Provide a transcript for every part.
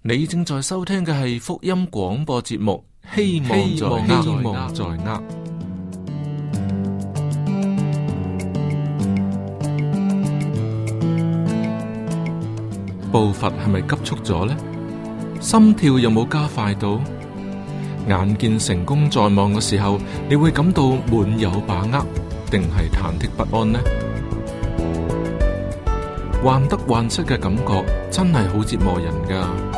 你正在收聽嘅係福音廣播節目，希望希望在握。步伐係咪急促咗呢？心跳有冇加快到？眼見成功在望嘅時候，你會感到滿有把握，定係忐忑不安呢？患得患失嘅感覺真係好折磨人噶。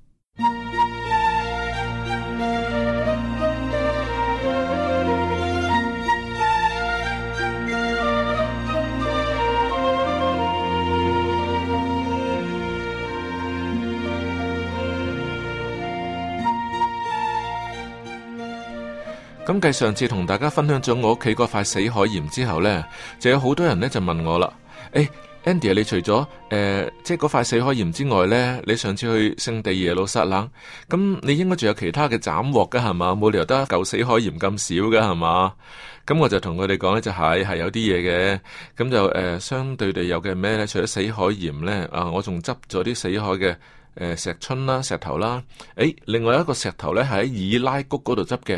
計上次同大家分享咗我屋企嗰塊死海鹽之後呢，就有好多人呢就問我啦。誒、欸、Andy，你除咗誒、呃，即係嗰塊死海鹽之外呢，你上次去聖地耶路撒冷，咁你應該仲有其他嘅斬獲噶係嘛？冇理由得一嚿死海鹽咁少噶係嘛？咁我就同佢哋講呢，就係，係有啲嘢嘅，咁就誒、呃、相對地有嘅咩呢？除咗死海鹽呢，啊，我仲執咗啲死海嘅。誒石春啦，石頭啦，誒、欸、另外一個石頭咧，係喺以拉谷嗰度執嘅，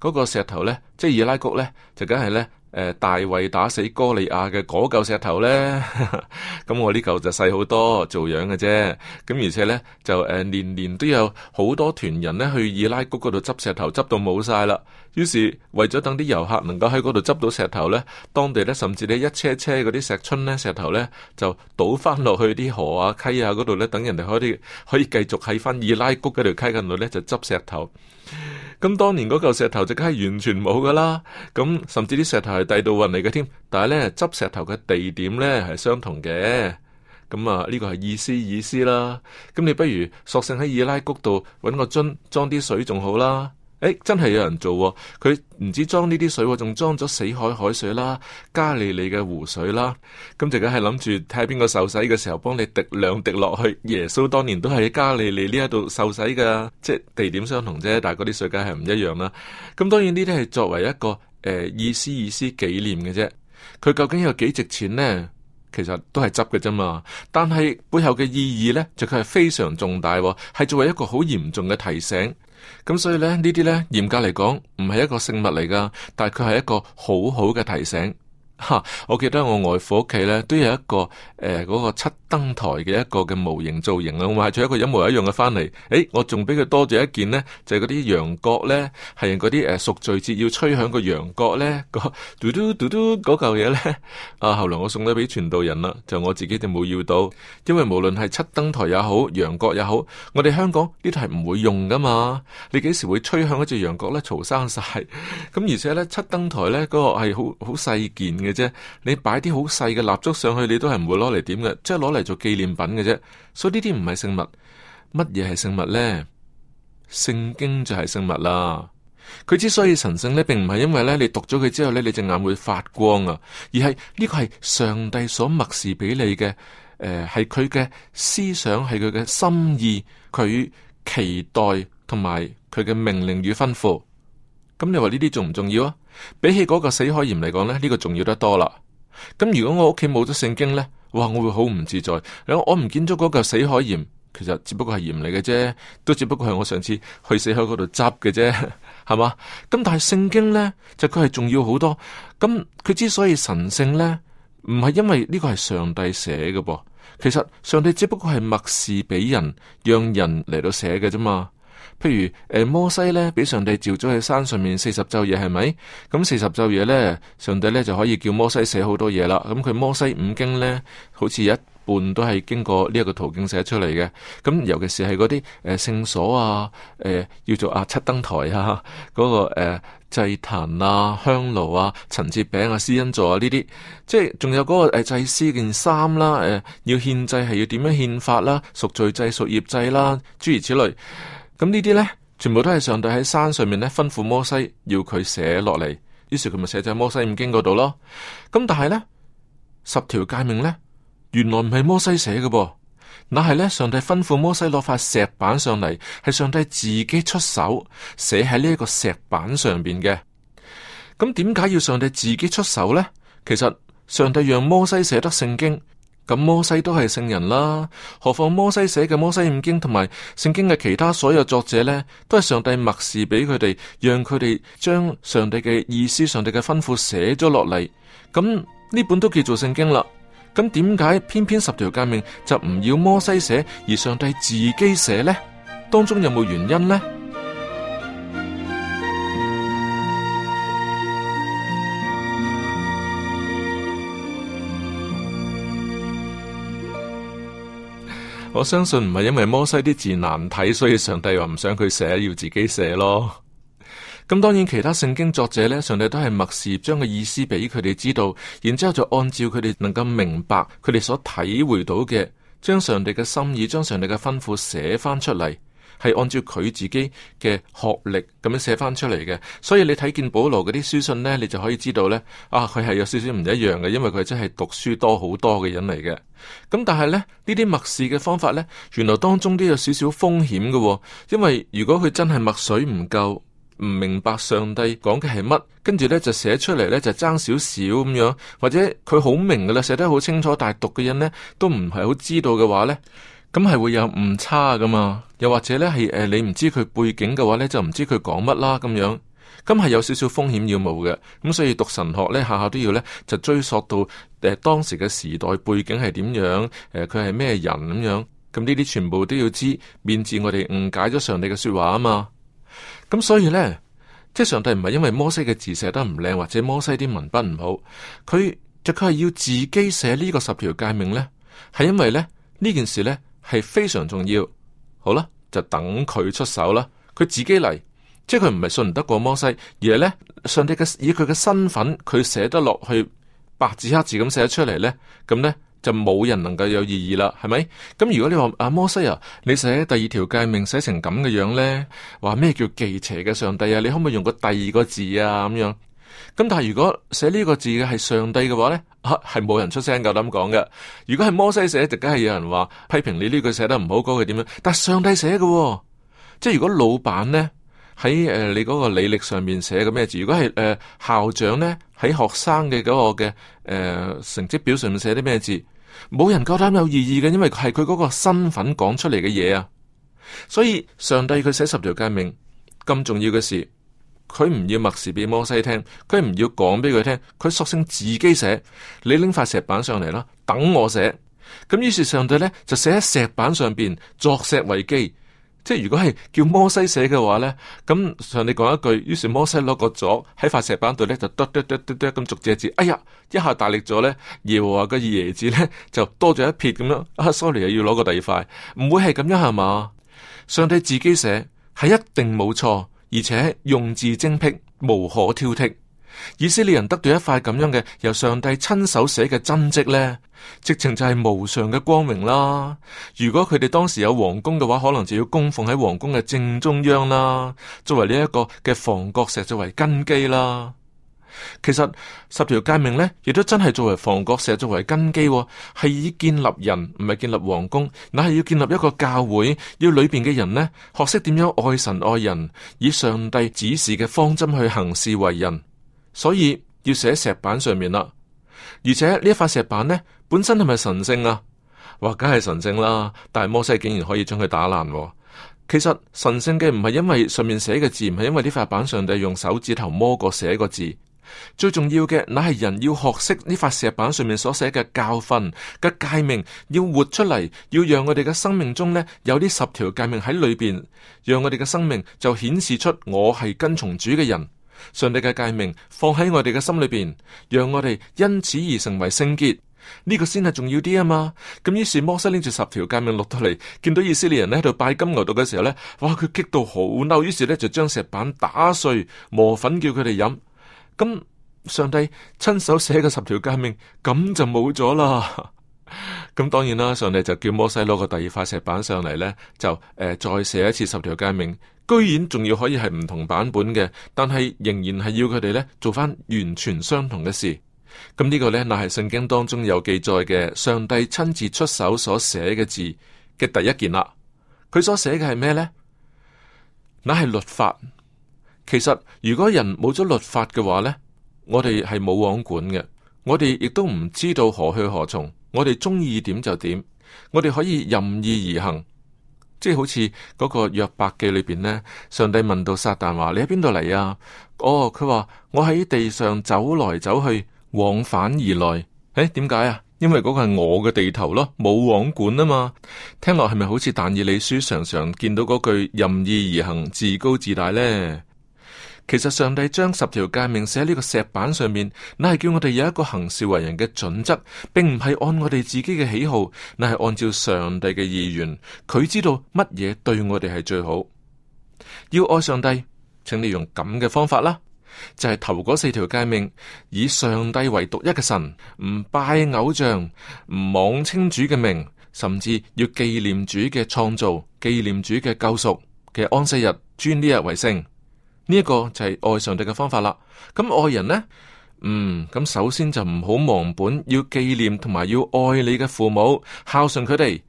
嗰、那個石頭咧，即係以拉谷咧，就梗係咧。誒、呃、大衛打死哥利亞嘅嗰嚿石頭呢，咁 我呢嚿就細好多，做樣嘅啫。咁而且呢，就誒、呃、年年都有好多團人呢去以拉谷嗰度執石頭，執到冇晒啦。於是為咗等啲遊客能夠喺嗰度執到石頭呢，當地呢，甚至呢一車車嗰啲石春呢，石頭呢，就倒翻落去啲河啊溪啊嗰度、啊、呢，等人哋可以可以繼續喺翻以拉谷嗰條溪嘅內呢，就執石頭。咁當年嗰嚿石頭梗係完全冇噶啦，咁甚至啲石頭係第二度運嚟嘅添，但係咧執石頭嘅地點咧係相同嘅，咁啊呢、這個係意思意思啦，咁你不如索性喺以拉谷度揾個樽裝啲水仲好啦。誒、欸，真係有人做、哦，佢唔知裝呢啲水、哦，仲裝咗死海海水啦、加利利嘅湖水啦。咁就梗係諗住睇下邊個受洗嘅時候，幫你滴兩滴落去。耶穌當年都係喺加利利呢一度受洗嘅，即係地點相同啫，但係嗰啲水梗係唔一樣啦。咁當然呢啲係作為一個誒、呃、意思意思紀念嘅啫。佢究竟有幾值錢呢？其實都係執嘅啫嘛。但係背後嘅意義呢，就佢係非常重大、哦，係作為一個好嚴重嘅提醒。咁所以咧，呢啲咧，嚴格嚟講，唔係一個聖物嚟噶，但係佢係一個好好嘅提醒。吓、啊、我記得我外父屋企咧，都有一個誒、呃嗰個七燈臺嘅一個嘅模型造型啊，我係買咗一個一模一樣嘅翻嚟。誒、欸、我仲俾佢多咗一件咧，就係啲羊角咧，係嗰啲誒贖罪節，要吹響個羊角咧，嗰嘟嘟嘟嘟嚿嘢咧。啊，後來我送咗俾傳道人啦，就我自己就冇要到，因為無論係七燈臺也好，羊角也好，我哋香港呢度係唔會用噶嘛。你幾時會吹響一隻羊角咧？嘈生晒，咁、啊，而且咧七燈臺咧、嗰個係好好細件嘅。你擺啲好細嘅蠟燭上去，你都係唔會攞嚟點嘅，即係攞嚟做紀念品嘅啫。所以呢啲唔係聖物，乜嘢係聖物呢？聖經就係聖物啦。佢之所以神聖呢，並唔係因為咧，你讀咗佢之後咧，你隻眼會發光啊，而係呢個係上帝所默示俾你嘅。誒、呃，係佢嘅思想，係佢嘅心意，佢期待同埋佢嘅命令與吩咐。咁你話呢啲重唔重要啊？比起嗰個死海鹽嚟講咧，呢個重要得多啦。咁如果我屋企冇咗聖經咧，哇，我會好唔自在。我唔見咗嗰個死海鹽，其實只不過係鹽嚟嘅啫，都只不過係我上次去死海嗰度執嘅啫，係嘛？咁但係聖經咧，就佢係重要好多。咁佢之所以神聖咧，唔係因為呢個係上帝寫嘅噃，其實上帝只不過係默示俾人，讓人嚟到寫嘅啫嘛。譬如誒、欸、摩西咧，俾上帝召咗喺山上面四十晝夜，係咪？咁四十晝夜咧，上帝咧就可以叫摩西寫好多嘢啦。咁佢摩西五經咧，好似一半都係經過呢一個途徑寫出嚟嘅。咁尤其是係嗰啲誒聖所啊，誒、呃、叫做阿、啊、七燈台啊，嗰、那個、呃、祭壇啊、香爐啊、陳設餅啊、施恩座啊呢啲，即係仲有嗰、那個、呃、祭司件衫啦，誒、呃、要獻祭係要點樣獻法啦、贖罪祭、贖業祭啦，諸如此類。咁呢啲呢，全部都係上帝喺山上面咧吩咐摩西要佢寫落嚟，於是佢咪寫咗摩西五經嗰度咯。咁但係呢，十條誡命呢，原來唔係摩西寫嘅噃，那係呢，上帝吩咐摩西攞塊石板上嚟，係上帝自己出手寫喺呢一個石板上邊嘅。咁點解要上帝自己出手呢？其實上帝讓摩西寫得聖經。咁摩西都係聖人啦，何況摩西寫嘅《摩西五經》同埋聖經嘅其他所有作者咧，都係上帝默示俾佢哋，讓佢哋將上帝嘅意思、上帝嘅吩咐寫咗落嚟，咁呢本都叫做聖經啦。咁點解偏偏十條誡命就唔要摩西寫，而上帝自己寫呢？當中有冇原因呢？我相信唔係因為摩西啲字難睇，所以上帝話唔想佢寫，要自己寫咯。咁當然其他聖經作者咧，上帝都係默示將個意思俾佢哋知道，然之後就按照佢哋能夠明白佢哋所體會到嘅，將上帝嘅心意、將上帝嘅吩咐寫翻出嚟。係按照佢自己嘅學歷咁樣寫翻出嚟嘅，所以你睇見保羅嗰啲書信呢，你就可以知道呢，啊佢係有少少唔一樣嘅，因為佢真係讀書多好多嘅人嚟嘅。咁但係呢，呢啲默示嘅方法呢，原來當中都有少少風險嘅，哦，因為如果佢真係墨水唔夠，唔明白上帝講嘅係乜，跟住呢就寫出嚟呢，就爭少少咁樣，或者佢好明㗎喇，寫得好清楚，但係讀嘅人呢，都唔係好知道嘅話呢。咁係會有誤差噶嘛？又或者咧係誒，你唔知佢背景嘅話咧，就唔知佢講乜啦咁樣。咁係有少少風險要冒嘅。咁所以讀神學咧，下下都要咧就追溯到誒、呃、當時嘅時代背景係點樣？誒佢係咩人咁樣？咁呢啲全部都要知，免致我哋誤解咗上帝嘅說話啊嘛。咁所以咧，即係上帝唔係因為摩西嘅字寫得唔靚或者摩西啲文筆唔好，佢就佢、是、係要自己寫呢個十條誡命咧，係因為咧呢件事咧。係非常重要，好啦，就等佢出手啦。佢自己嚟，即係佢唔係信唔得過摩西，而係咧上帝嘅以佢嘅身份，佢寫得落去白紙黑字咁寫出嚟咧，咁咧就冇人能夠有異議啦，係咪？咁如果你話啊摩西啊，你寫第二條誡命寫成咁嘅樣咧，話咩叫忌邪嘅上帝啊？你可唔可以用個第二個字啊？咁樣。咁但係如果寫呢個字嘅係上帝嘅話呢，啊，係冇人出聲夠膽講嘅。如果係摩西寫，直梗係有人話批評你呢句寫得唔好，嗰句點樣？但係上帝寫嘅，哦，即係如果老闆，呢喺誒、呃、你嗰個履歷上面寫嘅咩字？如果係誒、呃、校長呢喺學生嘅嗰、嗰個嘅誒、呃、成績表上面寫啲咩字？冇人夠膽有意義嘅，因為係佢嗰個身份講出嚟嘅嘢啊，所以上帝佢寫十條誡命咁重要嘅事。佢唔要默示俾摩西聽，佢唔要講俾佢聽，佢索性自己寫。你拎塊石板上嚟啦，等我寫。咁於是上帝咧就寫喺石板上邊，作石為基。即係如果係叫摩西寫嘅話咧，咁上帝講一句，於是摩西攞個鑿喺塊石板度咧就嘟嘟嘟嘟嘟咁逐隻字。哎呀，一下大力咗咧，耶和華嘅耶字咧就多咗一撇咁樣。啊，sorry，又要攞個第二塊，唔會係咁樣係嘛？上帝自己寫係一定冇錯。而且用字精闢，無可挑剔。以色列人得到一塊咁樣嘅由上帝親手寫嘅真迹咧，直情就係無上嘅光榮啦。如果佢哋當時有皇宮嘅話，可能就要供奉喺皇宮嘅正中央啦，作為呢一個嘅房角石作為根基啦。其實十條誡命呢，亦都真係作為防國石作為根基，哦，係以建立人，唔係建立皇宮，乃係要建立一個教會，要裏邊嘅人呢學識點樣愛神愛人，以上帝指示嘅方針去行事為人。所以要寫石板上面啦。而且呢一塊石板呢本身係咪神聖啊？哇，梗係神聖啦！但係摩西竟然可以將佢打爛，哦。其實神聖嘅唔係因為上面寫嘅字，唔係因為呢塊板上帝用手指頭摸過寫個字。最重要嘅，乃係人要學識呢塊石板上面所寫嘅教訓嘅誡命，要活出嚟，要讓我哋嘅生命中呢，有啲十條誡命喺裏邊，讓我哋嘅生命就顯示出我係跟從主嘅人。上帝嘅誡命放喺我哋嘅心裏邊，讓我哋因此而成為聖潔。呢、這個先係重要啲啊嘛。咁於是摩西拎住十條誡命落到嚟，見到以色列人咧喺度拜金牛犢嘅時候呢，哇，佢激到好嬲，於是呢，就將石板打碎磨粉叫，叫佢哋飲。咁上帝親手寫嘅十條誡命咁就冇咗啦。咁 當然啦，上帝就叫摩西攞個第二塊石板上嚟呢就，誒、呃、再寫一次十條誡命，居然仲要可以係唔同版本嘅，但係仍然係要佢哋呢做翻完全相同嘅事。咁呢個呢，乃係聖經當中有記載嘅上帝親自出手所寫嘅字嘅第一件啦。佢所寫嘅係咩呢？乃係律法。其實如果人冇咗律法嘅話呢，我哋係冇王管嘅，我哋亦都唔知道何去何從，我哋中意點就點，我哋可以任意而行，即係好似嗰個約伯記裏邊呢，上帝問到撒旦話：你喺邊度嚟啊？哦，佢話我喺地上走來走去，往返而來。誒，點解啊？因為嗰個係我嘅地頭咯，冇王管啊嘛。聽落係咪好似但以理書常常見到嗰句任意而行，自高自大呢？其實上帝將十條誡命寫喺呢個石板上面，乃係叫我哋有一個行事為人嘅準則，並唔係按我哋自己嘅喜好，乃係按照上帝嘅意願。佢知道乜嘢對我哋係最好。要愛上帝，請你用咁嘅方法啦，就係、是、頭嗰四條誡命，以上帝為獨一嘅神，唔拜偶像，唔妄稱主嘅名，甚至要紀念主嘅創造，紀念主嘅救贖，嘅安息日，尊呢日為聖。呢一個就係愛上帝嘅方法啦。咁愛人呢？嗯，咁首先就唔好忘本，要紀念同埋要愛你嘅父母，孝順佢哋。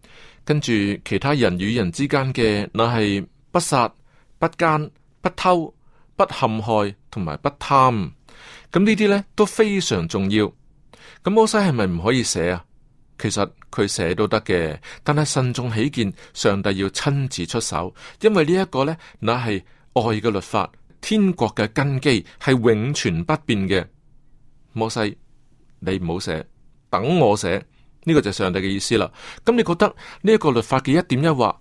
跟住其他人與人之間嘅，那係不殺、不奸、不偷、不陷害、同埋不貪。咁呢啲呢都非常重要。咁摩西係咪唔可以寫啊？其實佢寫都得嘅，但係慎重起見，上帝要親自出手，因為呢一個呢，那係愛嘅律法。天國嘅根基係永存不變嘅，摩西你唔好寫，等我寫呢個就上帝嘅意思啦。咁你覺得呢一個律法嘅一點一畫，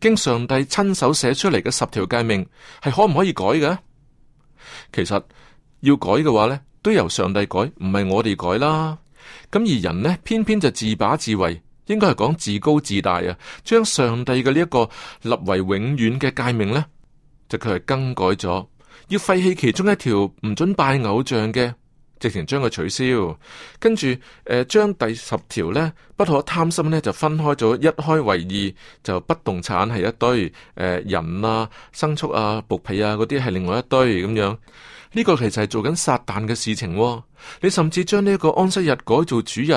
經上帝親手寫出嚟嘅十條誡命，係可唔可以改嘅？其實要改嘅話呢，都由上帝改，唔係我哋改啦。咁而人呢，偏偏就自把自為，應該係講自高自大啊，將上帝嘅呢一個立為永遠嘅誡命呢，就佢係更改咗。要廢棄其中一條唔准拜偶像嘅，直情將佢取消，跟住誒將第十條呢，不可貪心呢就分開咗一開為二，就不動產係一堆誒、呃、人啊、牲畜啊、僕婢啊嗰啲係另外一堆咁樣。呢個其實係做緊撒旦嘅事情喎，你甚至將呢一個安息日改做主日，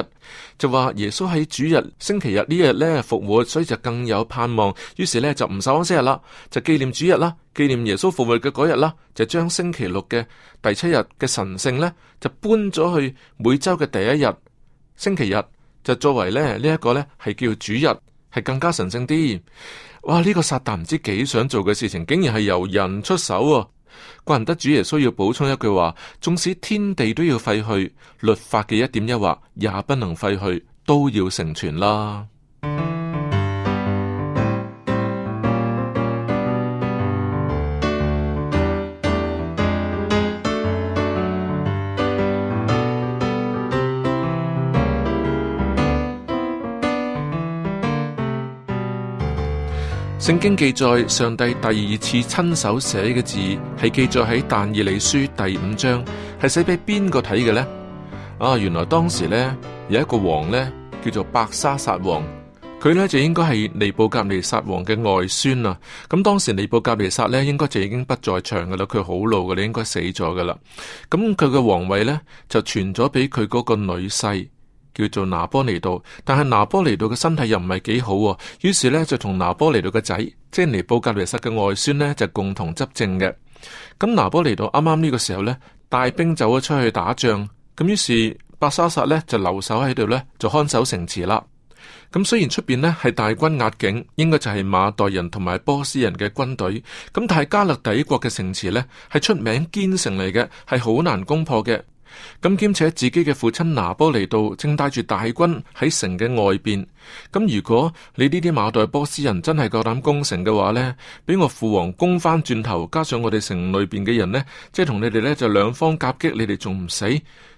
就話耶穌喺主日星期日呢一日咧復活，所以就更有盼望。於是呢，就唔守安息日啦，就紀念主日啦，紀念耶穌復活嘅嗰日啦，就將星期六嘅第七日嘅神聖呢，就搬咗去每周嘅第一日星期日，就作為咧呢一個呢，係叫主日，係更加神聖啲。哇！呢個撒旦唔知幾想做嘅事情，竟然係由人出手喎。怪唔得主耶穌要補充一句話：縱使天地都要廢去，律法嘅一點一劃也不能廢去，都要成全啦。聖經記載上帝第二次親手寫嘅字係記載喺但以理書第五章，係寫俾邊個睇嘅呢？啊，原來當時咧有一個王咧叫做白沙撒王，佢咧就應該係尼布甲尼撒王嘅外孫啊。咁當時尼布甲尼撒咧應該就已經不在場噶啦，佢好老噶啦，應該死咗噶啦。咁佢嘅皇位咧就傳咗俾佢嗰個女婿。叫做拿波尼度，但係拿波尼度嘅身體又唔係幾好，於是 呢，就同拿波尼度嘅仔即尼布甲尼撒嘅外孫呢，就共同執政嘅。咁、嗯、拿波尼度啱啱呢個時候呢，帶兵走咗出去打仗，咁於是伯沙撒呢，就留守喺度呢，就看守城池啦。咁、嗯、雖然出邊呢，係大軍壓境，應該就係馬代人同埋波斯人嘅軍隊，咁但係加勒底國嘅城池呢，係出名堅城嚟嘅，係好難攻破嘅。咁兼且自己嘅父親拿波尼道正帶住大軍喺城嘅外邊，咁如果你呢啲馬代波斯人真係夠膽攻城嘅話呢，俾我父王攻翻轉頭，加上我哋城裏邊嘅人呢，即係同你哋呢就兩方夾擊，你哋仲唔死？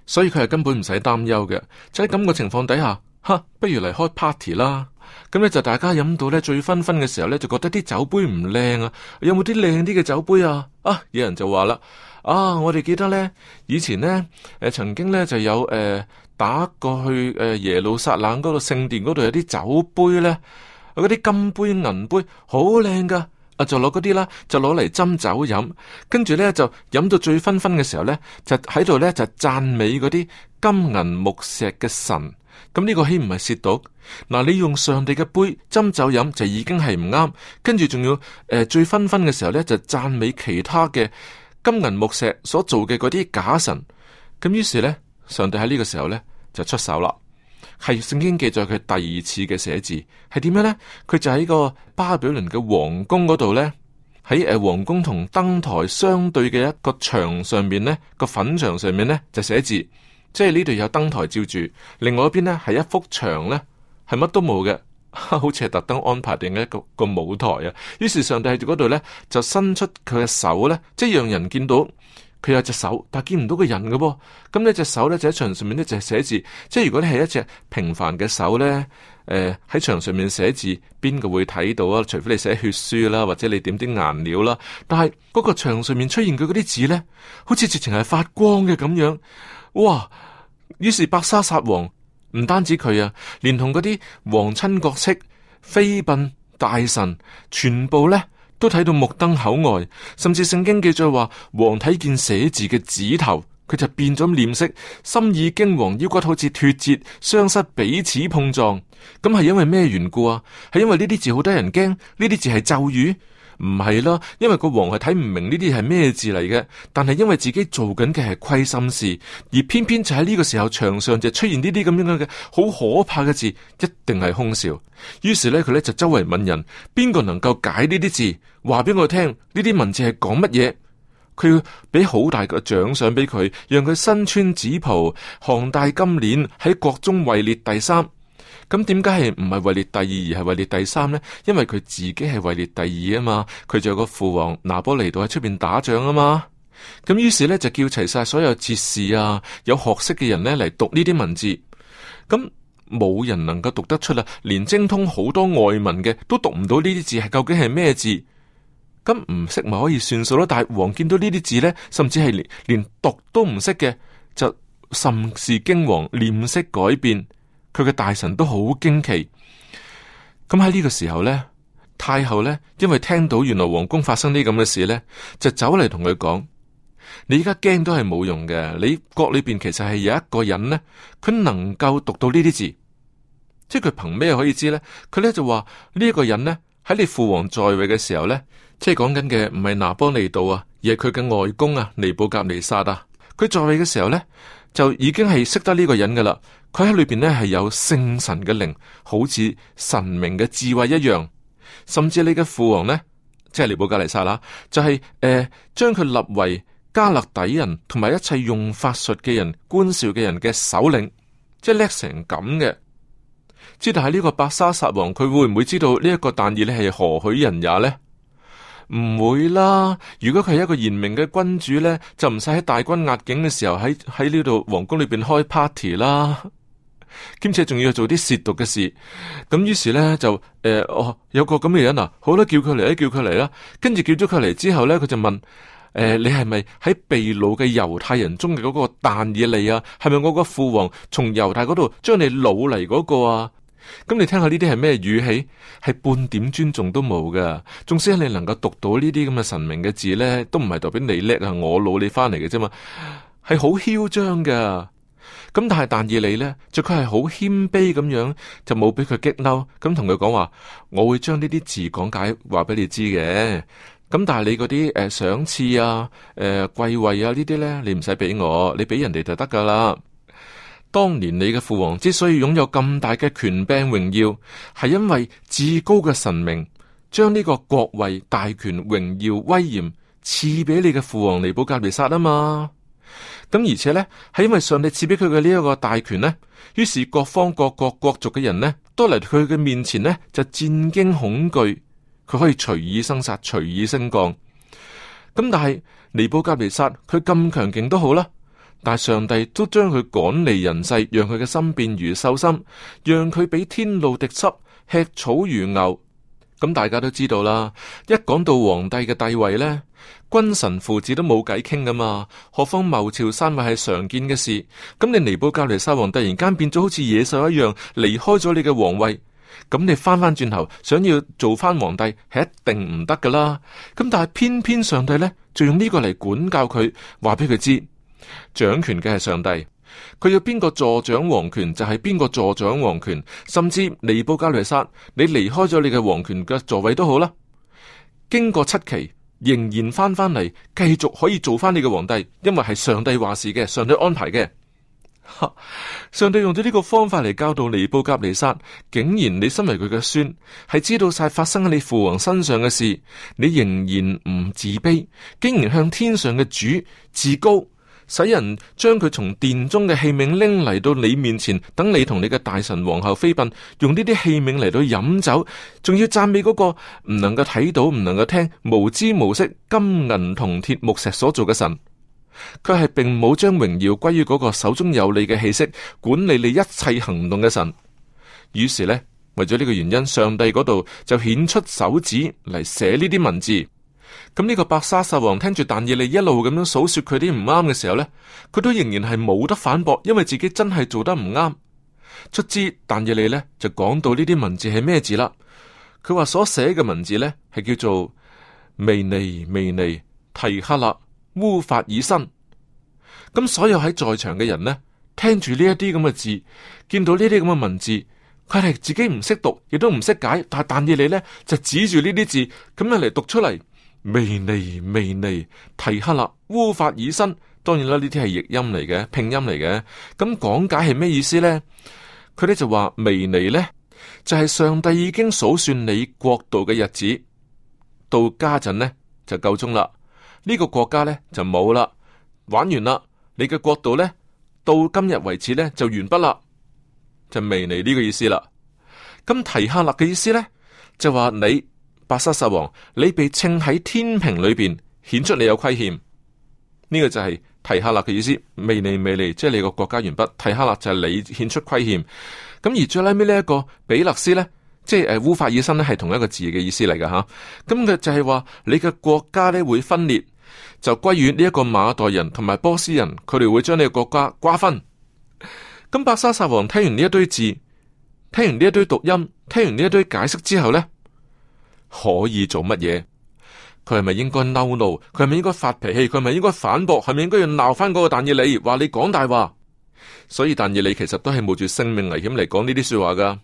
所以佢係根本唔使擔憂嘅。就喺咁個情況底下，吓不如嚟，開 party 啦。咁咧就大家飲到呢醉醺醺嘅時候呢，就覺得啲酒杯唔靚啊，有冇啲靚啲嘅酒杯啊？啊，有人就話啦。啊！我哋記得呢，以前呢，誒、呃，曾經呢就有誒、呃、打過去誒、呃、耶路撒冷嗰度聖殿嗰度有啲酒杯呢，嗰啲金杯銀杯好靚噶，啊就攞嗰啲啦，就攞嚟斟酒飲，跟住呢，就飲到醉醺醺嘅時候呢，就喺度呢，就讚美嗰啲金銀木石嘅神。咁呢個豈唔係褻瀆？嗱、啊，你用上帝嘅杯斟酒飲就已經係唔啱，跟住仲要誒、呃、醉醺醺嘅時候呢，就讚美其他嘅。金銀木石所做嘅嗰啲假神，咁於是呢，上帝喺呢個時候呢就出手啦。係聖經記載佢第二次嘅寫字係點樣呢？佢就喺個巴比倫嘅王宮嗰度呢，喺誒王宮同燈臺相對嘅一個牆上面呢，個粉牆上面呢就寫字，即係呢度有燈臺照住，另外一邊呢係一幅牆呢，係乜都冇嘅。 好似係特登安排定一個一個舞台啊！於是上帝喺度咧，就伸出佢嘅手咧，即係讓人見到佢有隻手，但係見唔到個人嘅噃。咁呢隻手咧就喺牆上面咧就係寫字，即係如果你係一隻平凡嘅手咧，誒喺牆上面寫字邊個會睇到啊？除非你寫血書啦，或者你點啲顏料啦。但係嗰個牆上面出現佢嗰啲字咧，好似直情係發光嘅咁樣，哇！於是伯沙撒王。唔單止佢啊，連同嗰啲皇親國戚、妃嬪、大臣，全部咧都睇到目瞪口呆。甚至聖經記載話，王睇見寫字嘅指頭，佢就變咗臉色，心意驚惶，王腰骨好似脫節，雙膝彼此碰撞。咁係因為咩緣故啊？係因為呢啲字好得人驚，呢啲字係咒語。唔係啦，因為個王係睇唔明呢啲係咩字嚟嘅，但係因為自己做緊嘅係虧心事，而偏偏就喺呢個時候牆上就出現呢啲咁樣嘅好可怕嘅字，一定係凶兆。於是呢，佢呢就周圍問人，邊個能夠解呢啲字，話俾我聽呢啲文字係講乜嘢？佢要俾好大嘅獎賞俾佢，讓佢身穿紫袍，項戴金鏈，喺國中位列第三。咁點解係唔係位列第二而係位列第三呢？因為佢自己係位列第二啊嘛，佢仲有個父王拿波尼度喺出邊打仗啊嘛。咁於是呢，就叫齊晒所有哲士啊，有學識嘅人呢嚟讀呢啲文字。咁、嗯、冇人能夠讀得出啦，連精通好多外文嘅都讀唔到呢啲字係究竟係咩字。咁唔識咪可以算數咯？但係王見到呢啲字呢，甚至係連連讀都唔識嘅，就甚是驚惶，臉色改變。佢嘅大臣都好驚奇，咁喺呢個時候咧，太后咧，因為聽到原來皇宮發生啲咁嘅事咧，就走嚟同佢講：你而家驚都係冇用嘅，你國裏邊其實係有一個人咧，佢能夠讀到呢啲字。即係佢憑咩可以知咧？佢咧就話呢一個人咧，喺你父王在位嘅時候咧，即係講緊嘅唔係拿波尼度啊，而係佢嘅外公啊，尼布甲尼撒啊，佢在位嘅時候咧。就已經係識得呢個人噶啦。佢喺裏邊咧，係有聖神嘅靈，好似神明嘅智慧一樣。甚至你嘅父王呢，即係尼布甲尼撒啦，就係誒將佢立為迦勒底人同埋一切用法術嘅人、觀兆嘅人嘅首領，即係叻成咁嘅。知，但係呢個伯沙撒王，佢會唔會知道呢一個但以理係何許人也呢？唔會啦，如果佢係一個賢明嘅君主咧，就唔使喺大軍壓境嘅時候喺喺呢度皇宮裏邊開 party 啦，兼且仲要做啲褻瀆嘅事。咁、嗯、於是咧就誒、呃，哦，有個咁嘅人啊，好啦，叫佢嚟啦，叫佢嚟啦，跟住叫咗佢嚟之後咧，佢就問：誒、呃，你係咪喺被擄嘅猶太人中嘅嗰個但以理啊？係咪我個父王從猶太嗰度將你擄嚟嗰個啊？咁、嗯、你聽下呢啲係咩語氣？係半點尊重都冇噶。縱使你能夠讀到呢啲咁嘅神明嘅字咧，都唔係代表你叻啊！我努力翻嚟嘅啫嘛，係好囂張噶。咁、嗯、但係但而你咧，就佢係好謙卑咁樣，就冇俾佢激嬲。咁同佢講話，我會將呢啲字講解話俾你知嘅。咁、嗯、但係你嗰啲誒賞賜啊、誒、呃、貴位啊呢啲咧，你唔使俾我，你俾人哋就得噶啦。當年你嘅父王之所以擁有咁大嘅權柄榮耀，係因為至高嘅神明將呢個國位大權榮耀威嚴賜俾你嘅父王尼布甲尼撒啊嘛。咁而且呢，係因為上帝賜俾佢嘅呢一個大權呢，於是各方各，各，各國各族嘅人呢，都嚟佢嘅面前呢，就戰驚恐懼。佢可以隨意生殺隨意升降。咁但係尼布甲尼撒佢咁強勁都好啦。但上帝都將佢趕離人世，讓佢嘅心變如獸心，讓佢俾天露滴濕，吃草如牛。咁、嗯、大家都知道啦。一講到皇帝嘅地位呢，君臣父子都冇計傾噶嘛。何況謀朝篡位係常見嘅事。咁、嗯、你尼布甲尼撒王突然間變咗好似野獸一樣離開咗你嘅皇位，咁、嗯嗯、你翻翻轉頭想要做翻皇帝係一定唔得噶啦。咁、嗯、但係偏偏上帝呢，就用呢個嚟管教佢，話俾佢知。掌權嘅係上帝，佢要邊個助掌皇權就係邊個助掌皇權，甚至尼布甲尼撒，你離開咗你嘅皇權嘅座位都好啦。經過七期，仍然返返嚟，繼續可以做返你嘅皇帝，因為係上帝話事嘅，上帝安排嘅。 上帝用咗呢個方法嚟教導尼布甲尼撒，竟然你身為佢嘅孫，係知道晒發生喺你父王身上嘅事，你仍然唔自卑，竟然向天上嘅主自高。使人將佢從殿中嘅器皿拎嚟到你面前，等你同你嘅大臣皇后、妃嬪，用呢啲器皿嚟到飲酒，仲要讚美嗰、那個唔能夠睇到、唔能夠聽、無知無識、金銀銅鐵木石所造嘅神，佢係並冇將榮耀歸於嗰個手中有你嘅氣息管理你一切行動嘅神。於是呢，為咗呢個原因，上帝嗰度就顯出手指嚟寫呢啲文字。咁呢個白沙薩王聽住但以理一路咁樣數說佢啲唔啱嘅時候呢，佢都仍然係冇得反駁，因為自己真係做得唔啱。出之但以理呢，就講到呢啲文字係咩字啦？佢話所寫嘅文字呢，係叫做「未尼未尼提克勒烏法爾新」。咁所有喺在在場嘅人呢，聽住呢一啲咁嘅字，見到呢啲咁嘅文字，佢係自己唔識讀，亦都唔識解，但但以理呢，就指住呢啲字咁樣嚟讀出嚟。微尼微尼提克勒烏法爾新。當然啦，呢啲係譯音嚟嘅，拼音嚟嘅。咁、嗯、講解係咩意思呢？佢哋就話微尼呢，就係、是、上帝已經數算你國度嘅日子，到家陣呢，就夠鐘啦，呢、這個國家呢，就冇啦，玩完啦，你嘅國度呢，到今日為止呢，就完畢啦，就微尼呢個意思啦。咁、嗯、提克勒嘅意思呢，就話你。伯沙撒王，你被稱喺天平裏邊顯出你有虧欠，呢、這個就係提哈勒嘅意思。未利未利，即係你個國家完畢，提哈勒就係你顯出虧欠。咁而最拉尾呢一個比勒斯呢，即係誒烏法爾森，咧係同一個字嘅意思嚟嘅吓。咁、啊、嘅就係話你嘅國家呢會分裂，就歸於呢一個馬代人同埋波斯人，佢哋會將你個國家瓜分。咁伯沙撒王聽完呢一堆字，聽完呢一堆讀音，聽完呢一堆解釋之後呢可以做乜嘢？佢係咪應該嬲怒？佢係咪應該發脾氣？佢係咪應該反駁？係咪應該要鬧翻嗰個但以理？話你講大話。所以但以理其實都係冒住性命危險嚟講呢啲說話噶。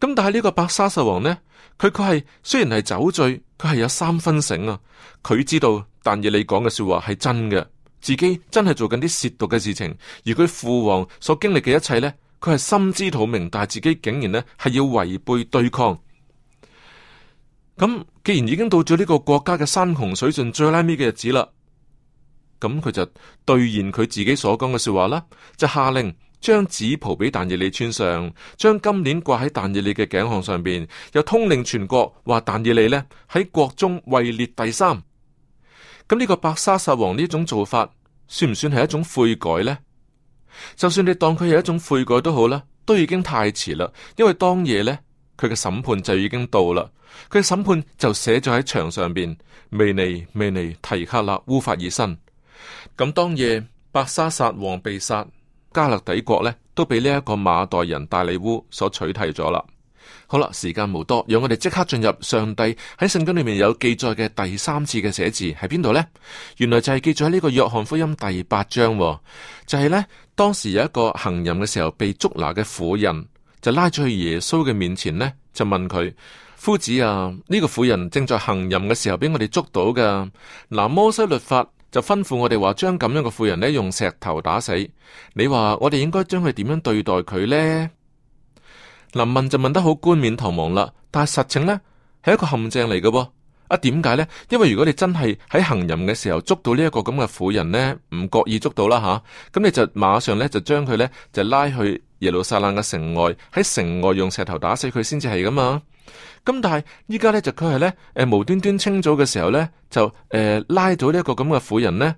咁但係呢個伯沙撒王呢？佢佢係雖然係酒醉，佢係有三分醒啊。佢知道但以理講嘅說話係真嘅，自己真係做緊啲褻瀆嘅事情。而佢父王所經歷嘅一切呢？佢係心知肚明，但係自己竟然呢係要違背對抗。咁既然已經到咗呢個國家嘅山窮水盡最拉尾嘅日子啦，咁佢就兌現佢自己所講嘅說話啦，就下令將紫袍俾但以理穿上，將金鏈掛喺但以理嘅頸項上邊，又通令全國話但以理呢喺國中位列第三。咁呢個伯沙撒王呢種做法，算唔算係一種悔改呢？就算你當佢係一種悔改都好啦，都已經太遲啦，因為當夜呢。佢嘅審判就已經到啦，佢嘅審判就寫咗喺牆上邊。「未尼未尼提克勒烏法爾申」。咁當夜，白沙撒王被殺，加勒底國呢都被呢一個馬代人大利烏所取締咗啦。好啦，時間無多，讓我哋即刻進入上帝喺聖經裏面有記載嘅第三次嘅寫字喺邊度呢？原來就係記載喺呢個約翰福音第八章，就係、是、呢當時有一個行淫嘅時候被捉拿嘅婦人。就拉咗去耶穌嘅面前呢，就問佢：，夫子啊，呢、這個婦人正在行淫嘅時候，俾我哋捉到噶。嗱、啊，摩西律法就吩咐我哋話，將咁樣嘅婦人呢用石頭打死。你話我哋應該將佢點樣對待佢呢？林、啊、問就問得好冠冕堂皇啦，但係實情呢，係一個陷阱嚟嘅噃。啊，點解呢？因為如果你真係喺行淫嘅時候捉到呢一個咁嘅婦人呢，唔覺意捉到啦吓，咁、啊、你就馬上咧就將佢咧就拉去耶路撒冷嘅城外，喺城外用石頭打死佢先至係㗎嘛。咁、啊、但係依家咧就佢係咧誒無端端清早嘅時候咧就誒、呃、拉到呢一個咁嘅婦人咧。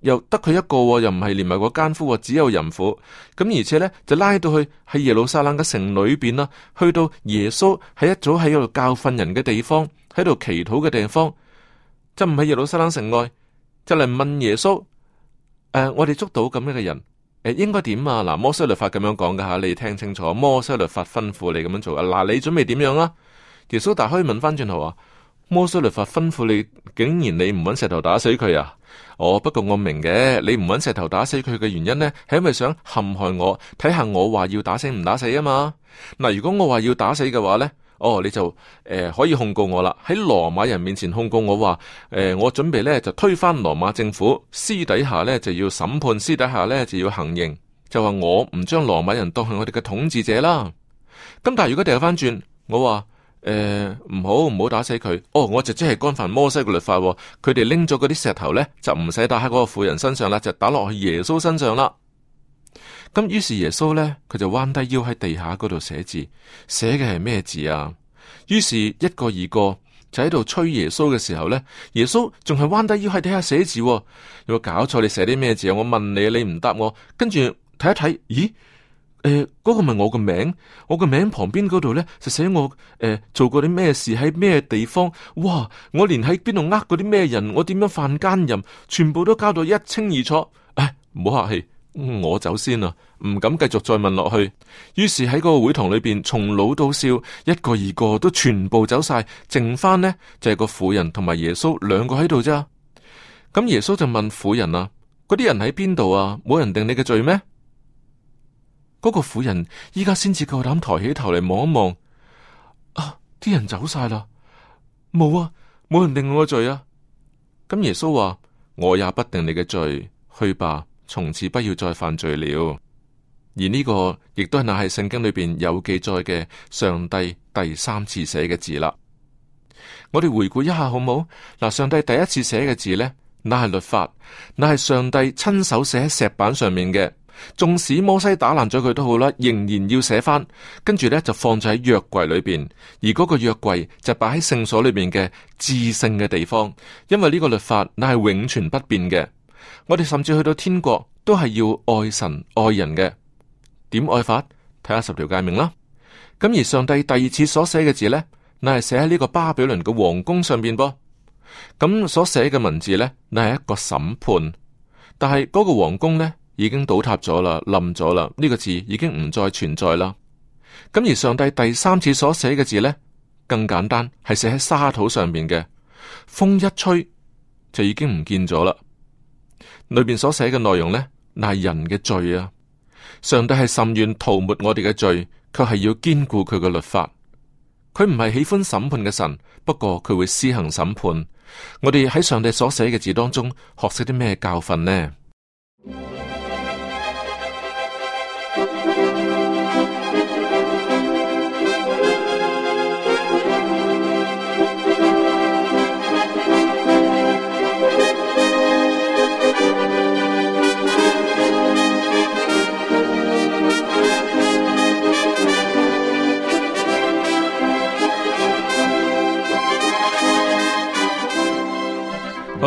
又得佢一個，又唔係連埋個奸夫，只有淫婦。咁而且咧，就拉到去喺耶路撒冷嘅城裏邊啦。去到耶穌喺一早喺度教訓人嘅地方，喺度祈禱嘅地方，就唔係耶路撒冷城外，就嚟問耶穌：誒、呃，我哋捉到咁樣嘅人，誒、呃，應該點啊？嗱，摩西律法咁樣講噶吓，你聽清楚，摩西律法吩咐你咁樣做啊。嗱，你準備點樣啊？耶穌大家可以問翻轉頭啊，摩西律法吩咐你，竟然你唔揾石頭打死佢啊？哦，不過我明嘅，你唔揾石頭打死佢嘅原因呢，係因為想陷害我，睇下我話要打死唔打死啊嘛。嗱，如果我話要打死嘅話呢，哦，你就誒、呃、可以控告我啦，喺羅馬人面前控告我話，誒、呃，我準備呢就推翻羅馬政府，私底下呢就要審判，私底下呢就要行刑，就話我唔將羅馬人當係我哋嘅統治者啦。咁但係如果掉翻轉，我話。誒，唔、呃、好唔好打死佢？哦，我直接係干犯摩西嘅律法，哦。佢哋拎咗嗰啲石頭呢，就唔使打喺嗰個婦人身上啦，就打落去耶穌身上啦。咁，嗯、於是耶穌呢，佢就彎低腰喺地下嗰度寫字，寫嘅係咩字啊？於是一個二個就喺度吹耶穌嘅時候呢，耶穌仲係彎低腰喺地下寫字，哦。有冇搞錯？你寫啲咩字啊？我問你，你唔答我。跟住睇一睇，咦？誒，嗰、呃那個咪我個名，我個名旁邊嗰度咧就寫我誒、呃、做過啲咩事，喺咩地方？哇！我連喺邊度呃嗰啲咩人，我點樣犯奸淫，全部都交到一清二楚。唉，唔好客氣，我先走先啦，唔敢繼續再問落去。於是喺個會堂裏邊，從老到少，一個二個都全部走晒，剩翻，呢，就係、是、個婦人同埋耶穌兩個喺度咋。咁、嗯、耶穌就問婦人啦：嗰啲人喺邊度啊？冇人、啊、人定你嘅罪咩？嗰個婦人依家，先至夠膽抬起頭嚟望一望，啊！啲人走晒啦，冇啊，冇人定我罪啊！咁耶穌話：我也不定你嘅罪，去吧，從此不要再犯罪了。而呢個亦都係乃係聖經裏邊有記載嘅上帝第三次寫嘅字啦。我哋回顧一下好冇？嗱，上帝第一次寫嘅字呢，乃係律法，乃係上帝親手寫喺石板上面嘅。縱使摩西打爛咗佢都好啦，仍然要寫翻，跟住咧就放咗喺約櫃裏邊，而嗰個約櫃就擺喺聖所裏邊嘅至聖嘅地方，因為呢個律法乃係永存不變嘅。我哋甚至去到天國都係要愛神愛人嘅，點愛法？睇下十條誡命啦。咁而上帝第二次所寫嘅字咧，乃係寫喺呢個巴比倫嘅王宮上邊噃。咁所寫嘅文字咧，乃係一個審判，但係嗰個王宮咧，已經倒塌咗啦，冧咗啦，呢個字已經唔再存在啦。咁而上帝第三次所寫嘅字呢，更簡單，係寫喺沙土上面嘅，風一吹就已經唔見咗啦。裏邊所寫嘅內容呢，乃係人嘅罪啊，上帝係甚願塗抹我哋嘅罪，卻係要堅固佢嘅律法。佢唔係喜歡審判嘅神，不過佢會施行審判。我哋喺上帝所寫嘅字當中，學識啲咩教訓呢？